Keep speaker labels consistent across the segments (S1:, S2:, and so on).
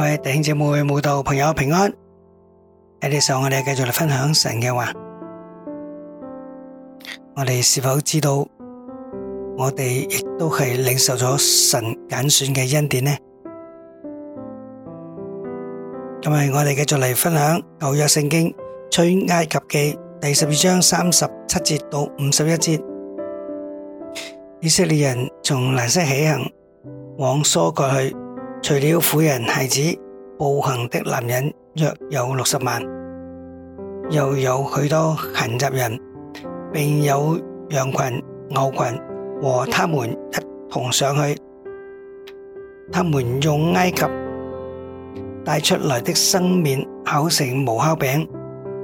S1: 各位弟兄姐妹慕道、信徒朋友平安。喺呢度，我哋繼續嚟分享神嘅話。我哋是否知道，我哋亦都係領受咗神揀選嘅恩典呢？今日我哋繼續嚟分享《舊約聖經》《出埃及記》第十二章三十七節到五十一節。以色列人從蘭塞起行往疏割去。除了婦人指、孩子、步行的男人約有六十萬，又有許多閒雜人，並有羊群、牛群和他們一同上去。他們用埃及帶出來的生麵烤成無酵餅，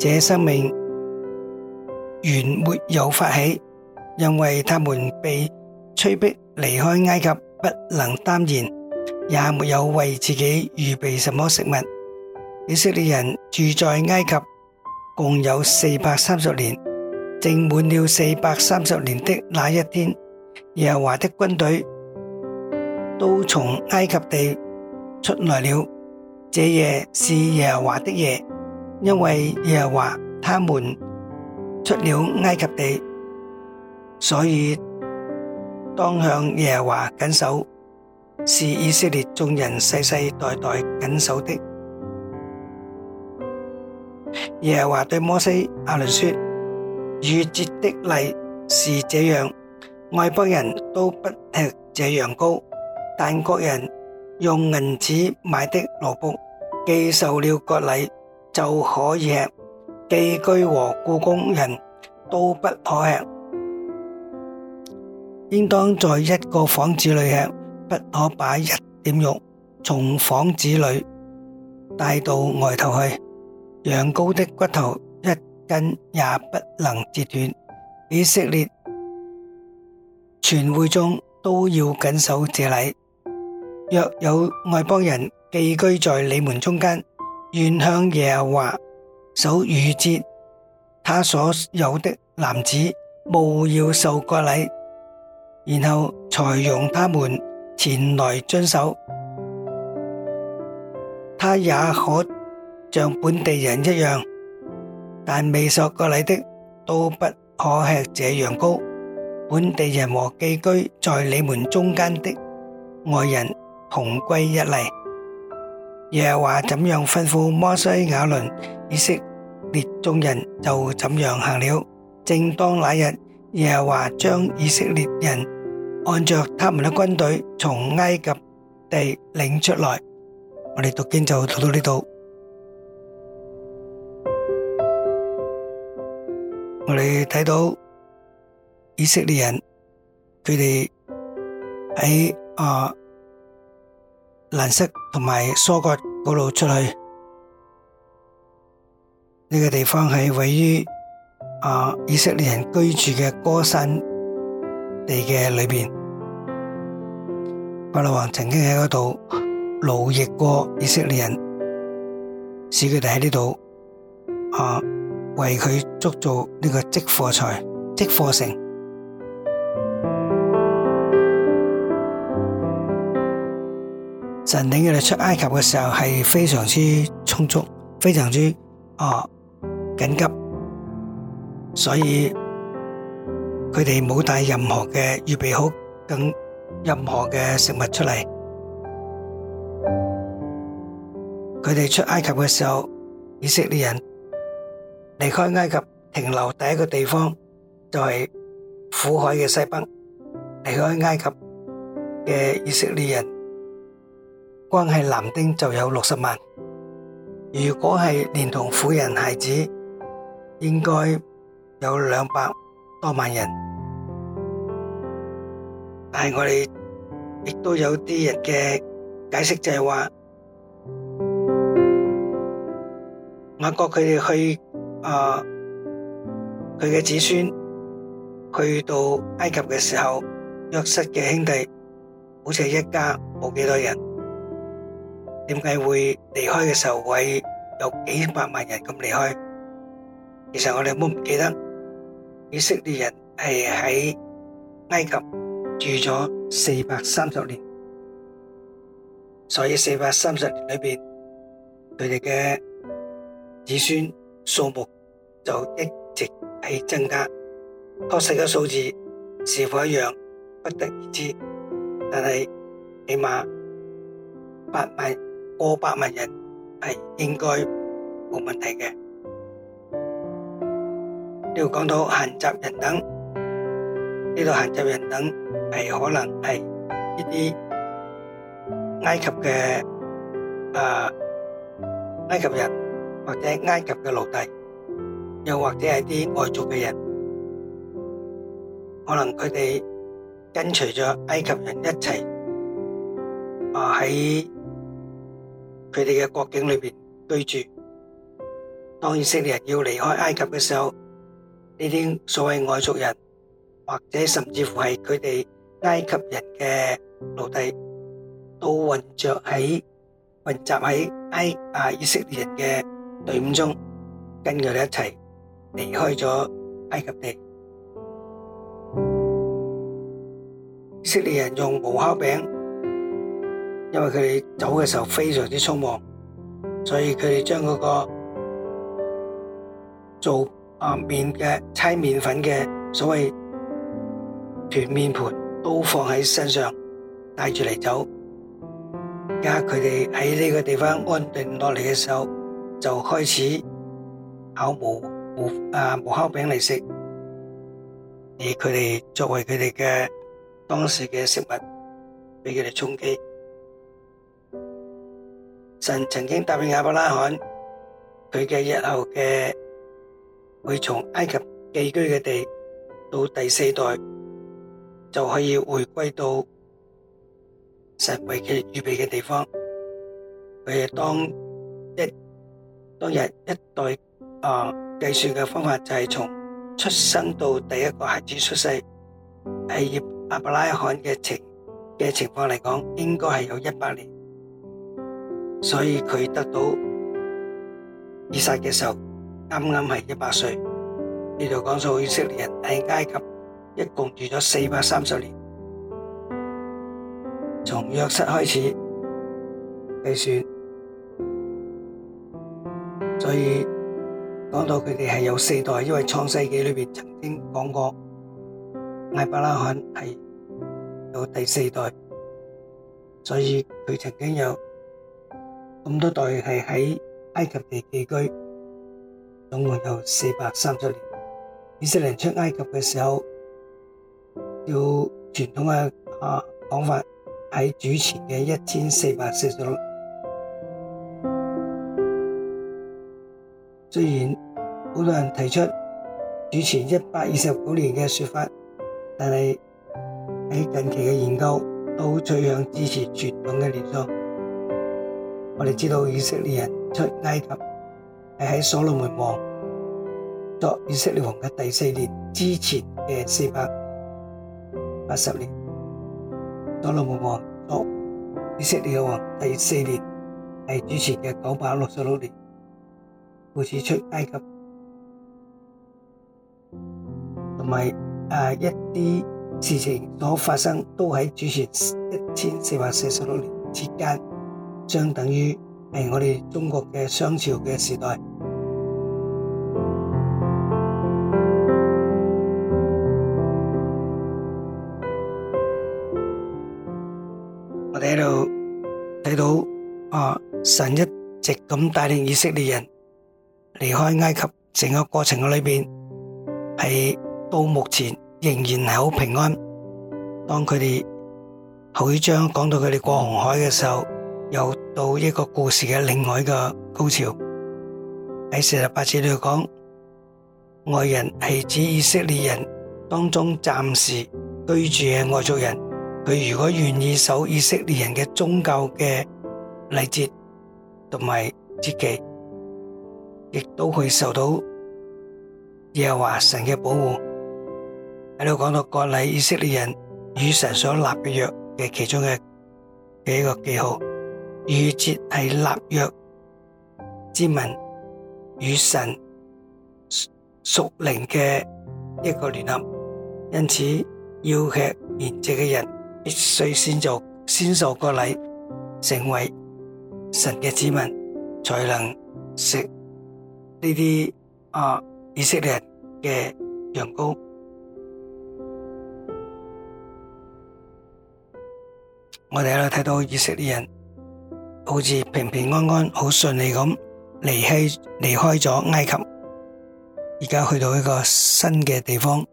S1: 這生命原沒有發起，因為他們被催逼離開埃及，不能擔言。也沒有為自己預備什麼食物。以色列人住在埃及，共有四百三十年。正滿了四百三十年的那一天，耶和華的軍隊都從埃及地出來了。這夜是耶和華的夜，因為耶和華他們出了埃及地，所以當向耶和華謹守。是以色列眾人世世代代謹守的。耶和華對摩西亞倫說，不可把一點肉從房子裏帶到外頭去，羊羔的骨頭一根也不能折斷。以色列全會眾都要謹守這禮。若有外邦人寄居在你們中間，願向耶和華守逾節，他所有的男子務要受割禮，然後才容他們。前來遵守，他也可像本地人一樣，但未受過禮的都不可吃這羊羔。本地人和寄居在你們中間的外人同歸一例。耶和華怎樣吩咐摩西、亞倫、以色列眾人，就怎樣行了。正當那日，耶和華將以色列人按照他們的軍隊從埃及地領出來，我們讀經就讀到這裏。我們看到以色列人，他們在啊藍色和梭國嗰度出去。這個地方是位於啊以色列人居住的歌山。地嘅裏邊，法老王曾經喺嗰度勞役過以色列人，使佢哋喺呢度啊為佢築造呢個積貨財、積貨城。神領佢哋出埃及嘅時候係非常之充足，非常之啊緊急，所以佢哋冇帶任何嘅預備好，更任何嘅食物出嚟。佢哋出埃及嘅時候，以色列人離開埃及停留第一個地方就係苦海嘅西北。離開埃及嘅以色列人，光係男丁就有六十萬，如果係連同婦人孩子，應該有兩百多萬人。但係我哋亦都有啲人嘅解釋，就係話，我覺佢哋去啊，佢嘅子孫去到埃及嘅時候，約瑟嘅兄弟好似一家冇幾多人，點解會離開嘅時候會有幾百萬人咁離開？其實我哋都唔記得以色列人係喺埃及。住咗四百三十年，所以四百三十年裏邊佢哋嘅子孫數目就一直喺增加。確實嘅數字是否一樣不得而知，但係起碼百萬、過百萬人係應該冇問題嘅。呢度講到閒雜人等。呢度閒雜人等係可能係一啲埃及嘅啊埃及人或者埃及嘅奴隸，又或者係啲外族嘅人，可能佢哋跟隨咗埃及人一齊啊喺佢哋嘅國境裏邊居住。當以色列人要離開埃及嘅時候，呢啲所謂外族人。或者甚至乎係佢哋埃及人嘅奴隸，都混著喺混集喺埃及以色列人嘅隊伍中，跟佢哋一齊離開咗埃及地。以色列人用無酵餅，因為佢哋走嘅時候非常之匆忙，所以佢哋將嗰個做啊麵嘅、搓麵粉嘅所謂。團麵盤都放喺身上，帶住嚟走。而家佢哋喺呢個地方安定落嚟嘅時候，就開始烤無無啊無酵餅嚟食，而佢哋作為佢哋嘅當時嘅食物，俾佢哋充飢。神曾經答應亞伯拉罕，佢嘅日後嘅會從埃及寄居嘅地到第四代。就可以回歸到神為佢預備嘅地方。佢當一當日一代啊計算嘅方法就係從出生到第一個孩子出世係以亞伯拉罕嘅情嘅情況嚟講，應該係有一百年。所以佢得到以撒嘅時候，啱啱係一百歲。呢度講述以色列人喺埃及。一共住咗四百三十年，從約瑟開始計算，所以講到佢哋係有四代，因為創世紀裏面曾經講過亞伯拉罕係有第四代，所以佢曾經有咁多代係喺埃及地寄居，總共有四百三十年。以色列出埃及嘅時候。要傳統嘅講法喺主前嘅一千四百四十六，雖然好多人提出主前一百二十九年嘅說法，但係喺近期嘅研究都趨向支持傳統嘅年數。我哋知道以色列人出埃及係喺所羅門王作以色列王嘅第四年之前嘅四百八十年，所羅門王作以色列嘅王，第四年係主前嘅九百六十六年，部署出埃及，同埋誒一啲事情所發生都喺主前一千四百四十六年之間，相等於係我哋中國嘅商朝嘅時代。喺度睇到啊，神一直咁帶領以色列人離開埃及，成個過程嘅裏面，係到目前仍然係好平安。當佢哋後一章講到佢哋過紅海嘅時候，又到一個故事嘅另外一個高潮。喺四十八節裏講，外人係指以色列人當中暫時居住嘅外族人。佢如果願意守以色列人嘅宗教嘅禮節同埋節期，亦都會受到耶和華神嘅保護。喺度講到割禮，以色列人與神所立嘅約嘅其中嘅幾個記號，逾節係立約之民與神屬靈嘅一個聯合，因此要吃筵席嘅人必須先做先受個禮，成為神嘅子民，才能食呢啲啊以色列人嘅羊羔。我哋喺度睇到以色列人，好似平平安安，好順利咁，離開離開咗埃及，而家去到一個新嘅地方，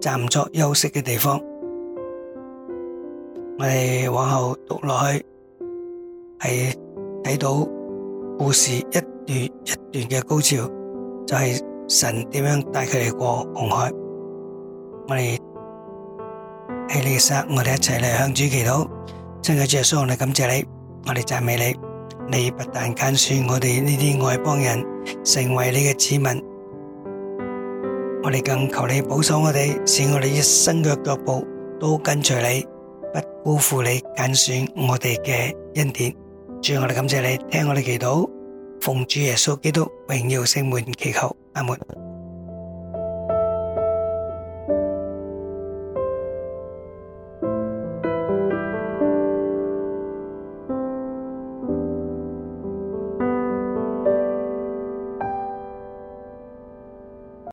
S1: 暫作休息嘅地方。我哋往後讀落去，係睇到故事一段一段嘅高潮，就係神點樣帶佢哋過紅海。我哋喺呢個剎那，我哋一齊嚟，向主祈禱。親愛的耶穌，我哋感謝你，我哋讚美你。你不但揀選我哋呢啲外邦人成為你嘅子民，我哋更求你保守我哋，使我哋一生嘅腳步都跟隨你，不辜負你揀選我哋嘅恩典。主，我哋感謝你聽我哋祈禱，奉主耶穌基督榮耀聖名祈求，阿門。